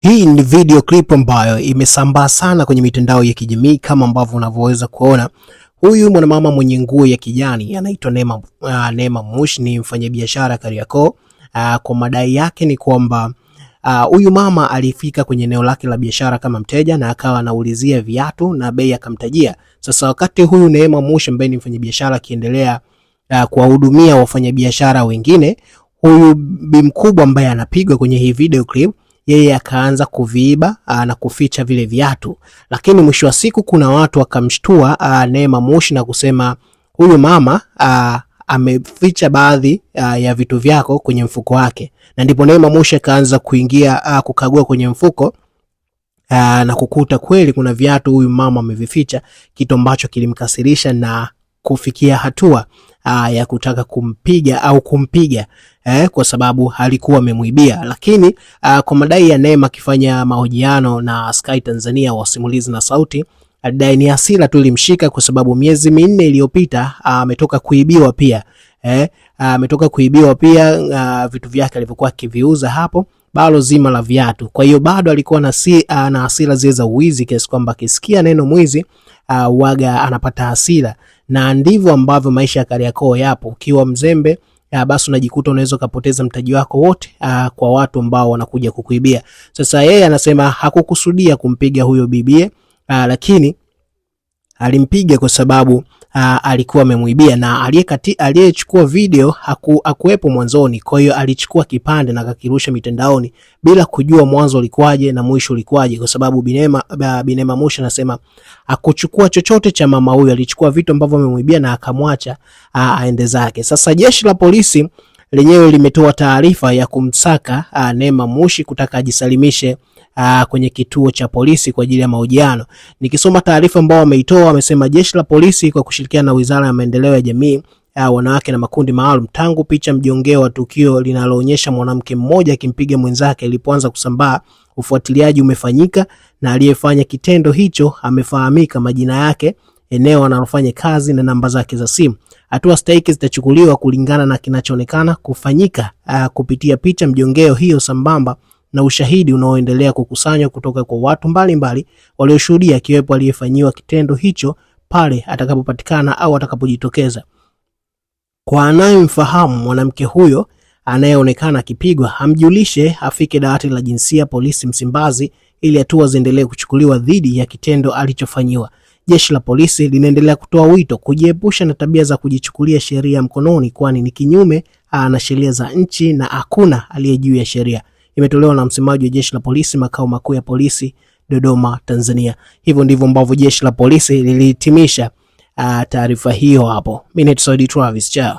Hii ni video clip ambayo imesambaa sana kwenye mitandao ya kijamii kama ambavyo unavyoweza kuona. Huyu mwanamama mwenye nguo ya kijani anaitwa Neema, uh, Neema Mush ni mfanyabiashara Kariakoo. Uh, kwa madai yake ni kwamba uh, huyu uh, mama alifika kwenye eneo lake la biashara kama mteja na akawa anaulizia viatu na bei akamtajia. Sasa wakati huyu Neema Mush ambaye ni mfanyabiashara akiendelea uh, kuwahudumia wafanyabiashara wengine, huyu bi mkubwa ambaye anapigwa kwenye hii video clip yeye akaanza kuviiba na kuficha vile viatu, lakini mwisho wa siku kuna watu wakamshtua Neema Moshi na kusema huyu mama a, ameficha baadhi uh, ya vitu vyako kwenye mfuko wake, na ndipo Neema Mushi akaanza kuingia uh, kukagua kwenye mfuko uh, na kukuta kweli kuna viatu huyu mama amevificha, kitu ambacho kilimkasirisha na kufikia hatua uh, ya kutaka kumpiga au kumpiga eh, kwa sababu alikuwa amemwibia. Lakini uh, kwa madai ya Neema akifanya mahojiano na Sky Tanzania wasimulizi na sauti alidai ni hasira tu ilimshika kwa sababu miezi minne iliyopita ah, ametoka kuibiwa pia eh, ametoka kuibiwa pia uh, vitu vyake alivyokuwa akiviuza hapo balo zima la viatu. Kwa hiyo bado alikuwa na si, uh, na hasira zile za uwizi kiasi kwamba akisikia neno mwizi uh, ah, waga anapata hasira, na ndivyo ambavyo maisha ya Kariakoo yapo. Ukiwa mzembe uh, basi unajikuta unaweza ukapoteza mtaji wako wote uh, kwa watu ambao wanakuja kukuibia. Sasa yeye anasema hakukusudia kumpiga huyo bibie uh, lakini alimpiga kwa sababu aa, alikuwa amemwibia na aliyechukua video haku, hakuwepo mwanzoni. Kwa hiyo alichukua kipande na kakirusha mitandaoni bila kujua mwanzo ulikuwaje na mwisho ulikuwaje, kwa sababu Binema Binema Musha anasema akuchukua chochote cha mama huyu, alichukua vitu ambavyo amemwibia na akamwacha aende zake. Sasa jeshi la polisi lenyewe limetoa taarifa ya kumsaka uh, Neema Mushi kutaka ajisalimishe Aa, ah, kwenye kituo cha polisi kwa ajili ya mahojiano. Nikisoma taarifa ambayo wameitoa, wamesema jeshi la polisi kwa kushirikiana na Wizara ya Maendeleo ya Jamii aa, ah, wanawake na makundi maalum, tangu picha mjongeo wa tukio linaloonyesha mwanamke mmoja akimpiga mwenzake ilipoanza kusambaa, ufuatiliaji umefanyika na aliyefanya kitendo hicho amefahamika, majina yake eneo analofanya kazi na namba zake za simu. Hatua stahiki zitachukuliwa kulingana na kinachoonekana kufanyika uh, kupitia picha mjongeo hiyo sambamba na ushahidi unaoendelea kukusanywa kutoka kwa watu mbalimbali walioshuhudia, akiwepo aliyefanyiwa kitendo hicho pale atakapopatikana au atakapojitokeza. Kwa anayemfahamu mwanamke huyo anayeonekana akipigwa, hamjulishe afike dawati la jinsia polisi Msimbazi ili hatua ziendelee kuchukuliwa dhidi ya kitendo alichofanyiwa. Jeshi la polisi linaendelea kutoa wito kujiepusha na tabia za kujichukulia sheria mkononi, kwani ni kinyume ah, na sheria za nchi na hakuna aliye juu ya sheria. Imetolewa na msemaji wa jeshi la polisi makao makuu ya polisi Dodoma, Tanzania. Hivyo ndivyo ambavyo jeshi la polisi lilihitimisha ah, taarifa hiyo hapo. Mimi ni Travis Chao.